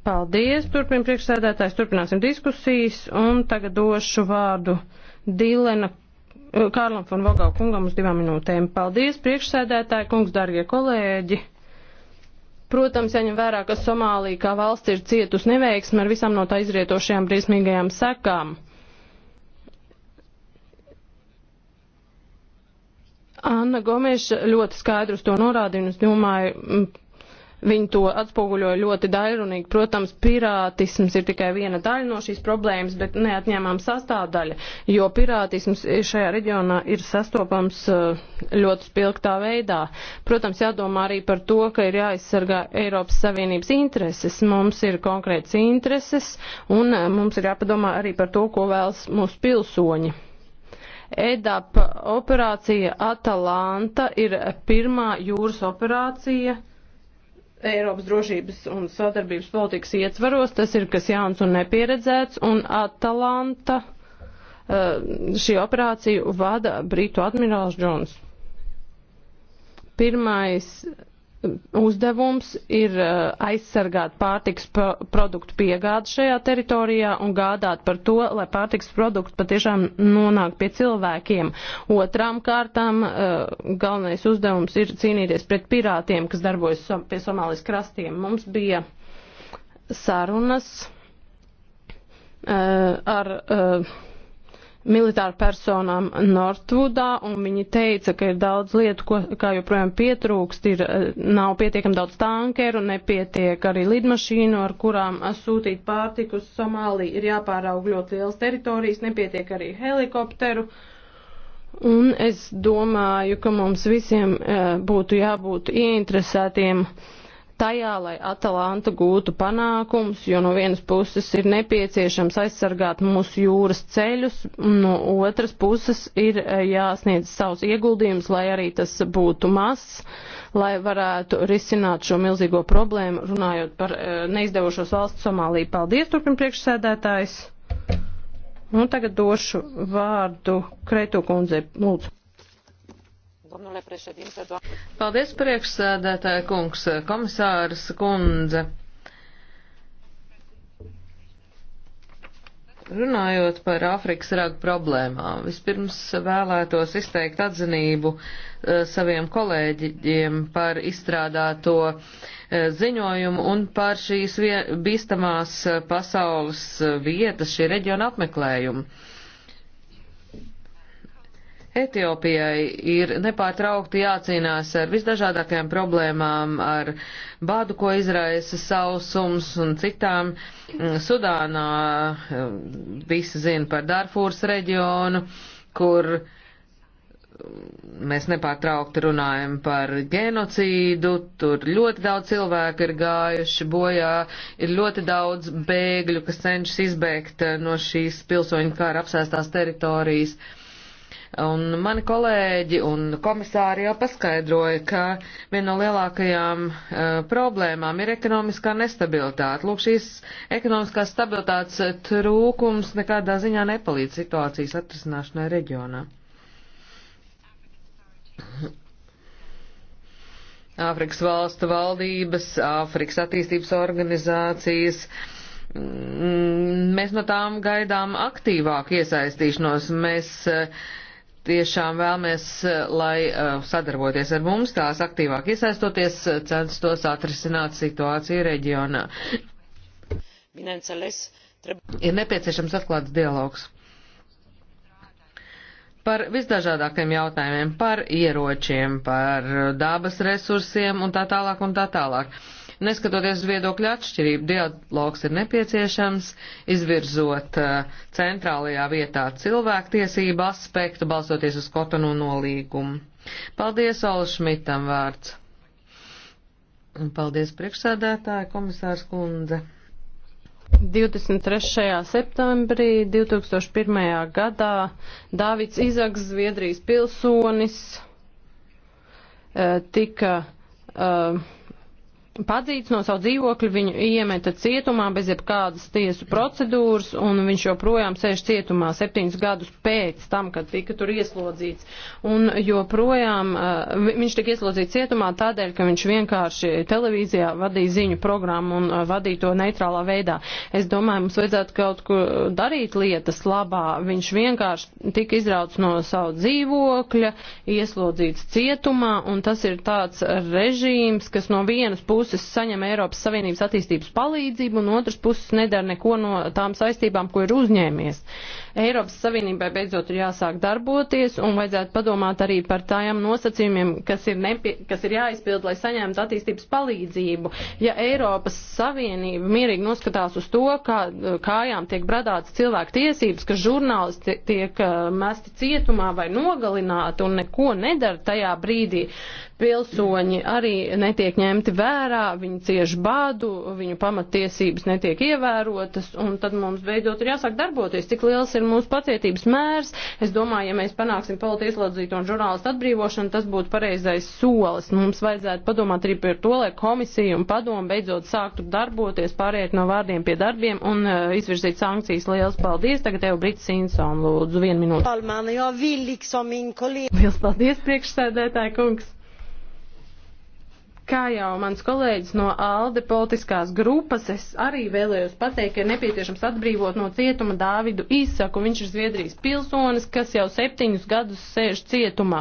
Paldies! Turpin priekšsēdētājs, turpināsim diskusijas un tagad došu vārdu. Dīlena eh, Kārlam un Vogau kungam uz divām minūtēm. Paldies, priekšsēdētāji, kungs, dargie kolēģi! Protams, jaņem vērā, ka Somālija kā valsts ir cietusi neveiksmi ar visām no tā izrietošajām briesmīgajām sekām. Anna Gomeša ļoti skaidrs to norādīja, un es domāju, Viņi to atspoguļoja ļoti dairunīgi. Protams, pirātisms ir tikai viena daļa no šīs problēmas, bet neatņēmām sastāvdaļa, jo pirātisms šajā reģionā ir sastopams eh, ļoti spilgtā veidā. Protams, jādomā arī par to, ka ir jāaizsargā Eiropas Savienības intereses. Mums ir konkrēts intereses un eh, mums ir jāpadomā arī par to, ko vēlas mūsu pilsoņi. EDAP operācija Atalanta ir pirmā jūras operācija Eiropas drošības un sadarbības politikas ietvaros. Tas ir kas jauns un nepieredzēts, un Atalanta eh, šī operācija vada Britu admirāls Džons. Pirmais uzdevums ir eh, aizsargāt pārtiks produktu piegādi šajā teritorijā un gādāt par to, lai pārtiks produkti patiešām nonāk pie cilvēkiem. Otrām kārtām eh, galvenais uzdevums ir cīnīties pret pirātiem, kas darbojas pie Somālijas krastiem. Mums bija sarunas eh, ar militāru personām Nortvudā, un viņi teica, ka ir daudz lietu, ko, kā joprojām pietrūkst, ir, eh, nav pietiekam daudz tankeru, nepietiek arī lidmašīnu, ar kurām eh, sūtīt pārtiku uz Somāliju, ir jāpāraug ļoti liels teritorijas, nepietiek arī helikopteru. Un es domāju, ka mums visiem eh, būtu jābūt ieinteresētiem uh, tajā, lai Atalanta gūtu panākums, jo no vienas puses ir nepieciešams aizsargāt mūsu jūras ceļus, no otras puses ir eh, jāsniedz savus ieguldījumus, lai arī tas būtu mazs, lai varētu risināt šo milzīgo problēmu, runājot par eh, neizdevušos valsts Somāliju. Paldies, turpin priekšsēdētājs. Un tagad došu vārdu Kreito kundzei. Lūdzu. Domnule președinte, doamne. Paldies, priekšsēdētāja kungs, komisārs kundze. Runājot par Āfrikas ragu problēmām, vispirms vēlētos izteikt atzinību eh, saviem kolēģiem par izstrādāto eh, ziņojumu un par šīs bīstamās eh, pasaules vietas, šī reģiona apmeklējumu. Etiopijai ir nepārtraukti jācīnās ar visdažādākajām problēmām, ar bādu, ko izraisa sausums un citām. Mm, Sudānā mm, visi zina par Darfūras reģionu, kur mm, mēs nepārtraukti runājam par genocīdu, tur ļoti daudz cilvēku ir gājuši bojā, ir ļoti daudz bēgļu, kas cenšas izbēgt eh, no šīs pilsoņu kāra apsēstās teritorijas. Uh, Un mani kolēģi un komisāri jau paskaidroja, ka viena no lielākajām uh, problēmām ir ekonomiskā nestabilitāte. Lūk, šīs ekonomiskās stabilitātes trūkums nekādā ziņā nepalīdz situācijas atrisināšanai reģionā. Āfrikas valstu valdības, Āfrikas attīstības organizācijas, uh, mēs no tām gaidām aktīvāku iesaistīšanos. Mēs e, tiešām vēlamies, eh, lai eh, sadarboties ar mums, tās aktīvāk iesaistoties, eh, censtos atrisināt situāciju reģionā. Ir nepieciešams atklāts dialogs. Par visdažādākiem jautājumiem, par ieročiem, par dabas resursiem un tā tālāk un tā tālāk. Neskatoties uz viedokļu atšķirību, dialogs ir nepieciešams, izvirzot eh, centrālajā vietā cilvēktiesību aspektu, balstoties uz kotonu nolīgumu. Paldies, Ola Šmitam vārds. Paldies, priekšsēdētāja komisārs kundze. 23. septembrī 2001. gadā Dāvids Izaks, Zviedrijas pilsonis, eh, tika uh, padzīts no savu dzīvokļu, viņu iemeta cietumā bez jebkādas tiesu procedūras, un viņš joprojām sēž cietumā septiņus gadus pēc tam, kad tika tur ieslodzīts. Un joprojām uh, viņš tika ieslodzīts cietumā tādēļ, ka viņš vienkārši televīzijā vadīja ziņu programmu un uh, vadīja to neitrālā veidā. Es domāju, mums vajadzētu kaut ko darīt lietas labā. Viņš vienkārši tika izrauts no savu dzīvokļa, ieslodzīts cietumā, un tas ir tāds režīms, kas no vienas puses puses saņem Eiropas Savienības attīstības palīdzību un otras puses nedara neko no tām saistībām, ko ir uzņēmies. Eiropas Savienībai beidzot ir jāsāk darboties un vajadzētu padomāt arī par tām nosacījumiem, kas ir, nepie, kas ir jāizpild, lai saņemtu attīstības palīdzību. Ja Eiropas Savienība mierīgi noskatās uz to, kā kājām tiek bradāts cilvēku tiesības, ka žurnālisti tiek eh, mesti cietumā vai nogalināti un neko nedara tajā brīdī, pilsoņi arī netiek ņemti vērā, viņi cieš bādu, viņu pamatiesības netiek ievērotas, un tad mums beidzot ir jāsāk darboties, cik liels ir mūsu pacietības mērs. Es domāju, ja mēs panāksim politieslodzītu un žurnālistu atbrīvošanu, tas būtu pareizais solis. Mums vajadzētu padomāt arī par to, lai komisija un padomu beidzot sāktu darboties, pāriet no vārdiem pie darbiem un uh, izvirzīt sankcijas. Liels paldies! Tagad tev Brits Simpson lūdzu vienu minūti. Paldies, priekšsēdētāji kungs! Kā jau mans kolēģis no ALDE politiskās grupas, es arī vēlējos pateikt, ka ir nepieciešams atbrīvot no cietuma Dāvidu Īsaku. Viņš ir Zviedrijas pilsonis, kas jau septiņus gadus sēž cietumā.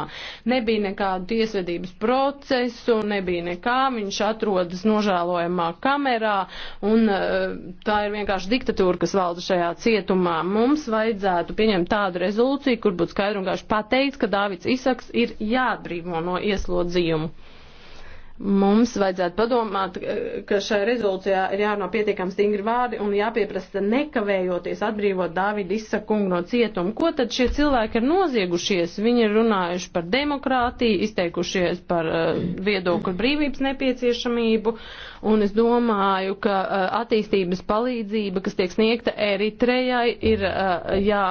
Nebija nekādu tiesvedības procesu, nebija nekā, viņš atrodas nožēlojamā kamerā, un eh, tā ir vienkārši diktatūra, kas valda šajā cietumā. Mums vajadzētu pieņemt tādu rezolūciju, kur būtu skaidri un gaiši pateikts, ka Dāvids Īsaks ir jāatbrīvo no ieslodzījuma. Mums vajadzētu padomāt, ka šai rezolūcijā ir jārunā pietiekami stingri vārdi un jāpieprasa nekavējoties atbrīvot Dāvidu izsakungu no cietuma. Ko tad šie cilvēki ir noziegušies? Viņi ir runājuši par demokrātiju, izteikušies par uh, viedokļu brīvības nepieciešamību un es domāju, ka uh, attīstības palīdzība, kas tiek sniegta Eritrejai, ir, uh, jā,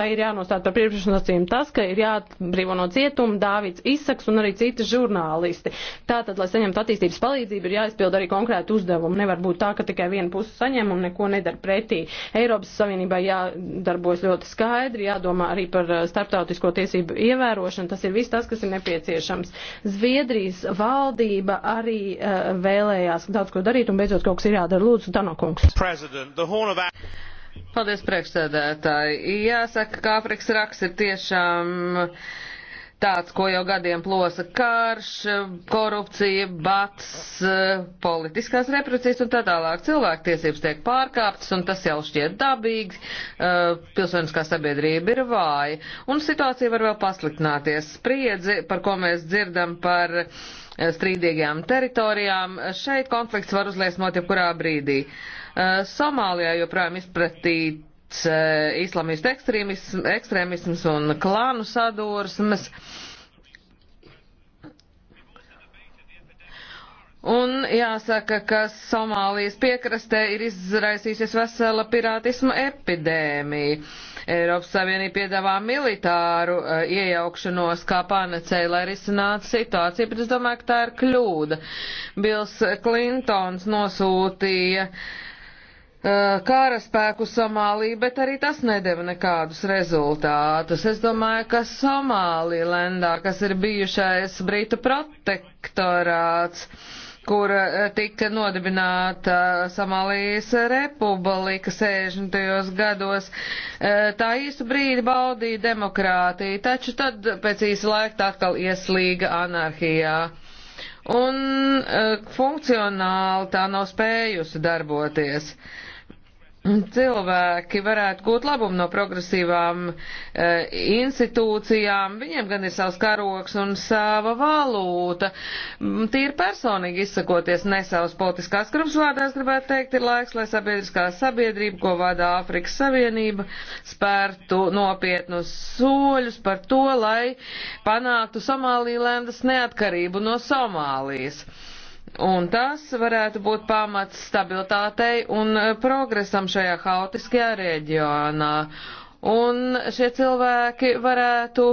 tā ir jānostāda par priekšnosacījumu tas, ka ir jāatbrīvo no cietuma Dāvids Isaks un arī citi žurnālisti. Tātad tad, lai saņemtu attīstības palīdzību, ir jāizpild arī konkrēti uzdevumi. Nevar būt tā, ka tikai viena puse saņem un neko nedara pretī. Eiropas Savienībā jādarbojas ļoti skaidri, jādomā arī par eh, starptautisko tiesību ievērošanu. Tas ir viss tas, kas ir nepieciešams. Zviedrijas valdība arī uh, vēlējās daudz ko darīt un beidzot kaut kas ir jādara. Lūdzu, Danokungs. Paldies, priekšsēdētāji. Jāsaka, ka Āfrikas raks ir tiešām tāds, ko jau gadiem plosa karš, korupcija, bats, politiskās represijas un tā tālāk. Cilvēktiesības tiek pārkāptas un tas jau šķiet dabīgi, eh, pilsoniskā sabiedrība ir vāja un situācija var vēl pasliktināties. Spriedzi, par ko mēs dzirdam par eh, strīdīgajām teritorijām, šeit konflikts var uzliesmot jebkurā brīdī. Eh, Somālijā joprojām izpratīt E, islamistu ekstrēmisms un klānu sadursmes. Un jāsaka, ka Somālijas piekrastē ir izraisījusies vesela pirātisma epidēmija. Eiropas Savienība piedāvā militāru uh, iejaukšanos kā panacēju, lai risinātu situāciju, bet es domāju, ka tā ir kļūda. Bils Klintons nosūtīja uh, Eh, kara spēku Somāliju, bet arī tas nedeva nekādus rezultātus. Es domāju, ka Somālilendā, kas ir bijušais Britu protektorāts, kur eh, tika nodibināta Somālijas republika 60. gados, eh, tā īstu brīdi baudīja demokrātiju, taču tad pēc īsa laika atkal ieslīga anarhijā un uh, funkcionāli tā nav spējusi darboties. Uh, cilvēki varētu gūt labumu no progresīvām e, institūcijām, viņiem gan ir savs karoks un sava valūta. Tīri personīgi izsakoties ne savas politiskās grupas vārdās, gribētu teikt, ir laiks, lai sabiedriskā sabiedrība, ko vada Āfrikas Savienība, spērtu nopietnus soļus par to, lai panāktu Somālīlendas neatkarību no Somālijas. Un tas varētu būt pamats stabilitātei un e, progresam šajā haotiskajā reģionā. Un šie cilvēki varētu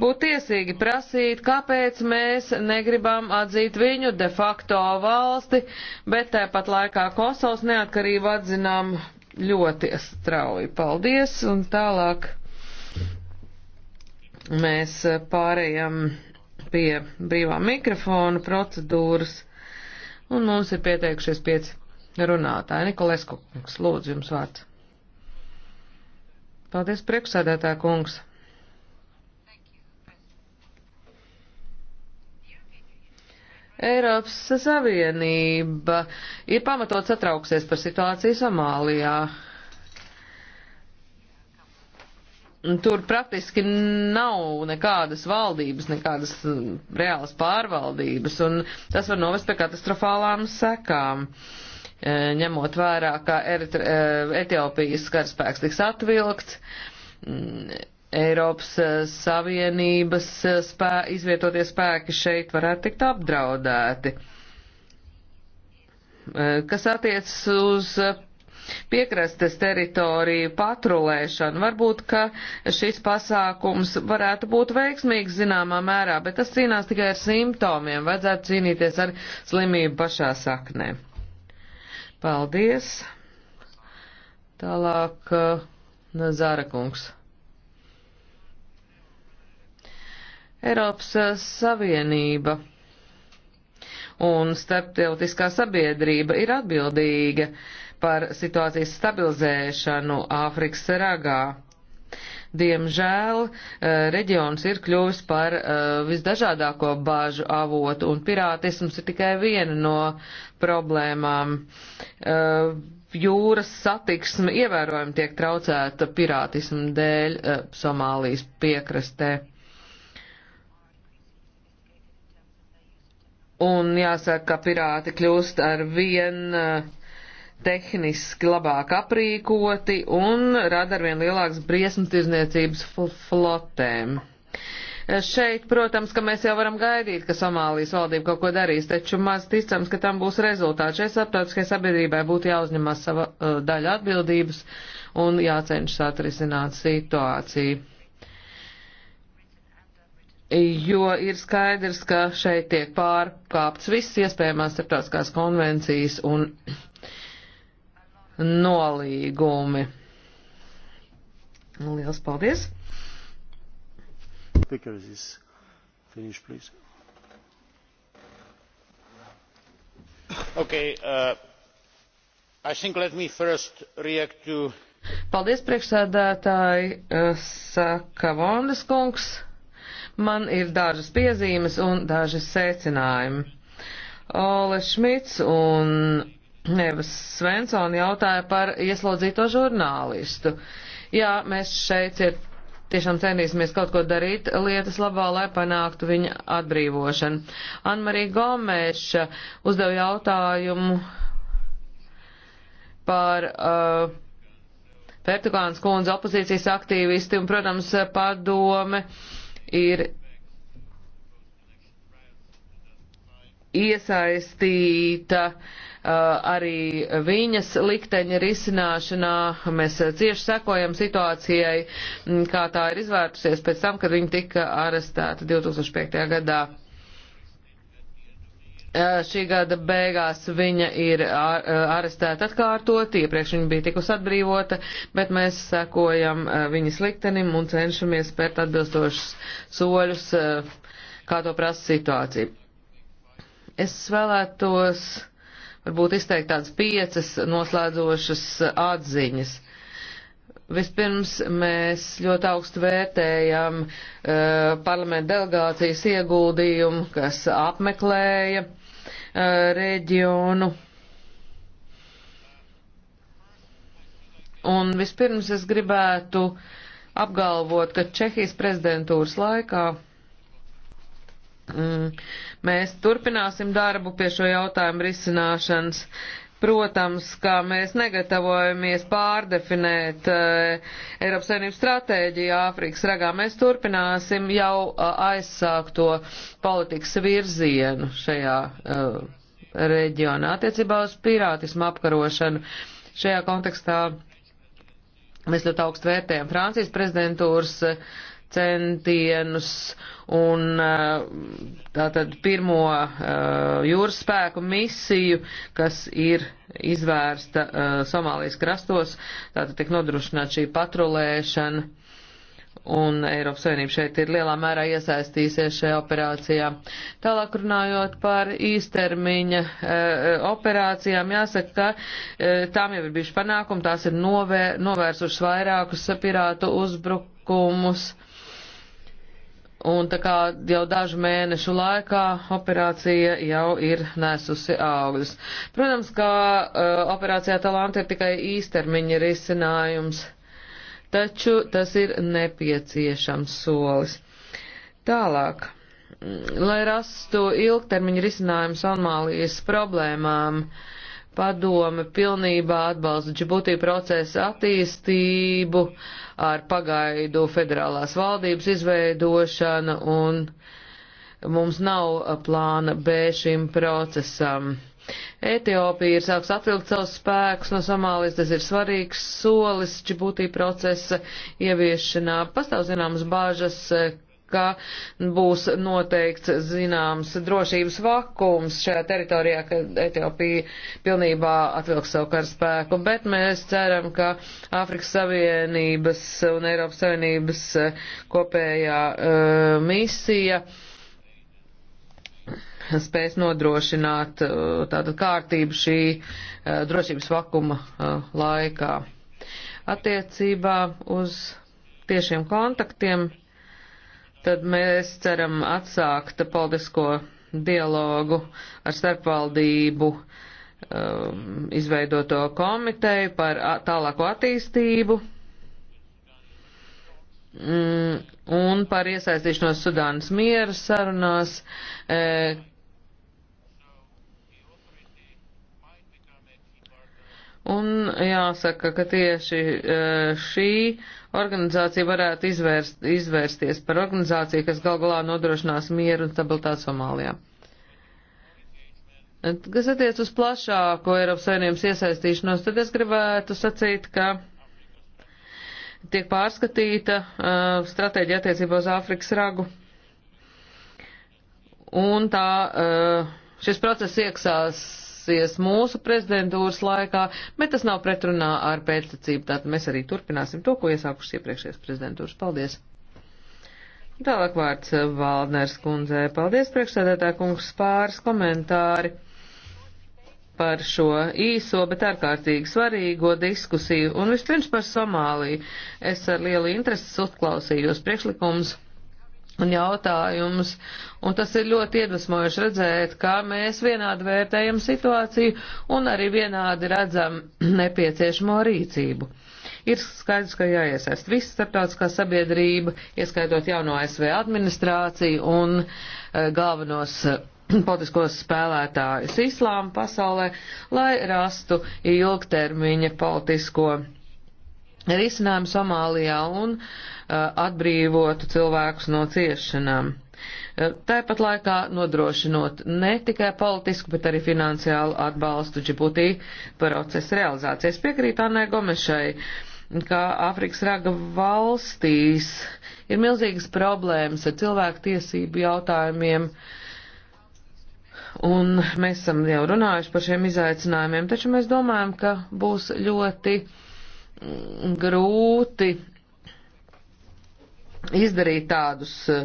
būt tiesīgi prasīt, kāpēc mēs negribam atzīt viņu de facto valsti, bet tāpat laikā Kosovas neatkarību atzinām ļoti strauji. Paldies! Un tālāk mēs pārējām pie brīvā mikrofona procedūras un mums ir pieteikušies pieci runātāji. Nikolesku, lūdzu, jums vārds. Paldies, priekšsēdētā kungs. Eiropas Savienība ir pamatot satrauksies par situāciju Somālijā. tur praktiski nav nekādas valdības, nekādas mm, reālas pārvaldības, un tas var novest pie katastrofālām sekām. E, ņemot vērā, ka e, Etiopijas karaspēks tiks atvilkts, mm, Eiropas e, Savienības spē, izvietotie spēki šeit varētu tikt apdraudēti. Kas attiecas uz piekrastes teritoriju patrulēšanu. Varbūt, ka šis pasākums varētu būt veiksmīgs zināmā mērā, bet tas cīnās tikai ar simptomiem. Vajadzētu cīnīties ar slimību pašā saknē. Paldies. Tālāk Nazāra uh, kungs. Eiropas uh, Savienība un starptautiskā sabiedrība ir atbildīga uh, par situācijas stabilizēšanu Āfrikas ragā. Diemžēl eh, reģions ir kļuvis par eh, visdažādāko bāžu avotu, un pirātisms ir tikai viena no problēmām. Eh, jūras satiksme ievērojami tiek traucēta pirātismu dēļ Somālijas piekrastē. Un jāsaka, ka pirāti kļūst ar vien uh, tehniski labāk aprīkoti un rada arvien lielākas briesmas tirzniecības flotēm. Šeit, protams, ka mēs jau varam gaidīt, ka Somālijas valdība kaut ko darīs, taču maz ticams, ka tam būs rezultāts. Šai starptautiskajai sabiedrībai būtu jāuzņemās sava uh, daļa atbildības un jācenšas atrisināt situāciju. Jo ir skaidrs, ka šeit tiek pārkāpts viss iespējamās starptautiskās konvencijas un nolīgumi. Lielas paldies! Speaker is finished, please. Okay, uh, I think let me first react to. Paldies, priekšsēdētāji, uh, saka Vondas kungs. Man ir dažas piezīmes un daži secinājumi. Ole Šmits un Eva Svensona jautāja par ieslodzīto žurnālistu. Jā, mēs šeit ir tiešām cenīsimies kaut ko darīt lietas labā, lai panāktu viņa atbrīvošanu. Anmarija Gomeša uzdeva jautājumu par uh, Pērtukāns kundze opozīcijas aktīvisti un, protams, padome ir iesaistīta uh, arī viņas likteņa risināšanā. Mēs uh, cieši sekojam situācijai, mm, kā tā ir izvērtusies pēc tam, kad viņa tika arestēta 2005. gadā. Uh, šī gada beigās viņa ir ar, uh, arestēta atkārtot, iepriekš viņa bija tikus atbrīvota, bet mēs sekojam uh, viņas liktenim un cenšamies spērt atbilstošus soļus, uh, kā to prasa situācija. Es vēlētos varbūt izteikt tādas piecas noslēdzošas atziņas. Vispirms mēs ļoti augstu vērtējam uh, parlamenta delegācijas ieguldījumu, kas apmeklēja uh, reģionu. Un vispirms es gribētu apgalvot, ka Čehijas prezidentūras laikā Mm. Mēs turpināsim darbu pie šo jautājumu risināšanas. Protams, ka mēs negatavojamies pārdefinēt uh, Eiropas Savienības stratēģiju Āfrikas ragā. Mēs turpināsim jau uh, aizsākto politikas virzienu šajā uh, reģionā attiecībā uz pirātismu apkarošanu. Šajā kontekstā mēs ļoti augstu vērtējam Francijas prezidentūras uh, centienus un eh, tātad pirmo eh, jūras spēku misiju, kas ir izvērsta eh, Somālijas krastos, tātad tiek nodrošināta šī patrulēšana. Un Eiropas Savienība šeit ir lielā mērā iesaistīsies šajā operācijā. Tālāk runājot par īstermiņa e, operācijām, jāsaka, ka e, tām jau ir bijuši panākumi, tās ir novē, novērsušas vairākus pirātu uzbrukumus Un tā kā jau dažu mēnešu laikā operācija jau ir nesusi augļus. Protams, ka uh, operācijā Talanta ir tikai īstermiņa risinājums, taču tas ir nepieciešams solis. Tālāk, mm, lai rastu ilgtermiņa risinājumu Somālijas problēmām, uh, Padome pilnībā atbalsta Džibutī procesa attīstību ar pagaidu federālās valdības izveidošanu un mums nav plāna B šim procesam. Etiopija ir sāks atvilkt savus spēkus no Somālijas, tas ir svarīgs solis Džibutī procesa ieviešanā. Pastāv zināmas bāžas, ka būs noteikts zināms drošības vakums šajā teritorijā, kad Etiopija pilnībā atvilks savu karaspēku, bet mēs ceram, ka Āfrikas Savienības un Eiropas Savienības eh, kopējā uh, misija spēs nodrošināt uh, eh, tādu kārtību šī uh, drošības vakuma uh, laikā. Attiecībā uz tiešiem kontaktiem Tad mēs ceram atsākt politisko dialogu ar starpvaldību um, izveidoto komiteju par tālāko attīstību um, un par iesaistīšanos Sudānas miera sarunās, e, Un jāsaka, ka tieši e, šī organizācija varētu izvērst, izvērsties par organizāciju, kas gal galā nodrošinās mieru un stabilitāti Somālijā. Kas attiec uz plašāko Eiropas Savienības iesaistīšanos, tad es gribētu sacīt, ka tiek pārskatīta uh, stratēģija attiecībā uz Āfrikas ragu. Un tā, uh, šis process iekasās sāksies mūsu prezidentūras laikā, bet tas nav pretrunā ar pēctecību, tātad mēs arī turpināsim to, ko iesākuši iepriekšējās prezidentūras. Paldies! Tālāk vārds Valdners kundzē. Paldies, priekšsēdētā kungs, pāris komentāri par šo īso, bet ārkārtīgi svarīgo diskusiju. Un vispirms par Somāliju. Es ar lielu interesi uzklausījos priekšlikumus un jautājumus. Un tas ir ļoti iedvesmojoši redzēt, kā mēs vienādi vērtējam situāciju un arī vienādi redzam nepieciešamo rīcību. Ir skaidrs, ka jāiesaist viss starptautiskā sabiedrība, ieskaitot jauno ASV administrāciju un eh, galvenos politiskos spēlētājus islāma pasaulē, lai rastu ilgtermiņa politisko risinājumu Somālijā un uh, atbrīvotu cilvēkus no ciešanām. Tāpat laikā nodrošinot ne tikai politisku, bet arī finansiālu atbalstu Džibutī procesa realizācijas. Piekrīt Annai Gomešai, ka Afrikas raga valstīs ir milzīgas problēmas ar cilvēku tiesību jautājumiem, un mēs esam jau runājuši par šiem izaicinājumiem, taču mēs domājam, ka būs ļoti mm, grūti izdarīt tādus uh,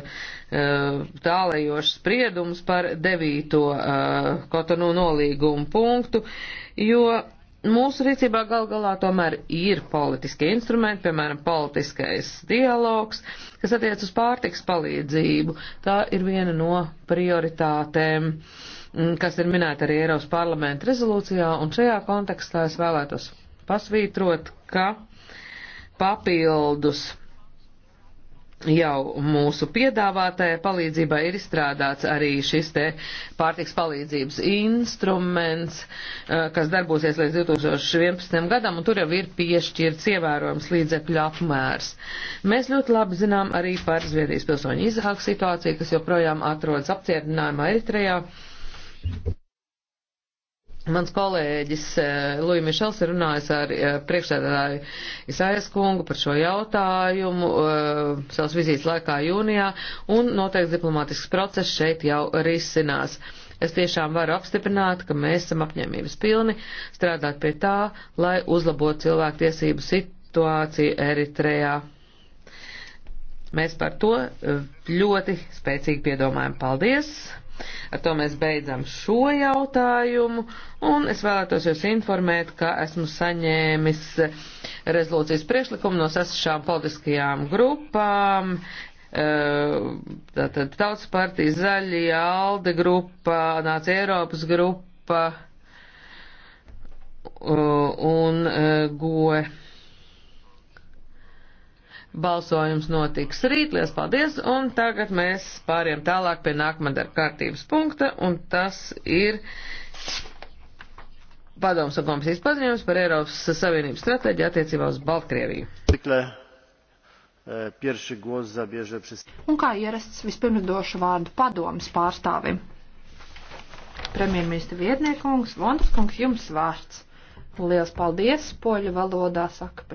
eh, tālējošus spriedumus par devīto uh, kotonu nolīgumu punktu, jo mūsu rīcībā gal galā tomēr ir politiskie instrumenti, piemēram, politiskais dialogs, kas attiec uz pārtiks palīdzību. Tā ir viena no prioritātēm, mm, kas ir minēta arī Eiropas parlamenta rezolūcijā, un šajā kontekstā es vēlētos pasvītrot, ka papildus jau mūsu piedāvātajā palīdzībā ir izstrādāts arī šis te pārtiks palīdzības instruments, eh, kas darbosies līdz 2011. gadam, un tur jau ir piešķirts ievērojams līdzekļu apmērs. Mēs ļoti labi zinām arī par Zviedrijas pilsoņu izhāku situāciju, kas joprojām atrodas apcietinājumā Eritrejā. Mans kolēģis eh, Lūija Mišels ir runājis ar eh, priekšsēdētāju Isājas kungu par šo jautājumu eh, savas vizītes laikā jūnijā, un noteikti diplomātisks process šeit jau risinās. Es tiešām varu apstiprināt, ka mēs esam apņēmības pilni strādāt pie tā, lai uzlabotu cilvēktiesību situāciju Eritrejā. Mēs par to ļoti spēcīgi piedomājam. Paldies! Ar to mēs beidzam šo jautājumu, un es vēlētos jūs informēt, ka esmu saņēmis rezolūcijas priekšlikumu no sasšām politiskajām grupām. Eh, tātad Tautas partija, Zaļie, Alde grupa, Nācija Eiropas grupa eh, un eh, Goe. Balsojums notiks rīt, liels paldies, un tagad mēs pāriem tālāk pie nākamā darba kārtības punkta, un tas ir padoms un komisijas paziņojums par Eiropas Savienības stratēģiju attiecībā uz Baltkrieviju. E, un kā ierasts, vispirms došu vārdu padomas pārstāvim. Premjerministra vietniekungs, Vondras kungs, jums vārds. Liels paldies, poļu valodā saka.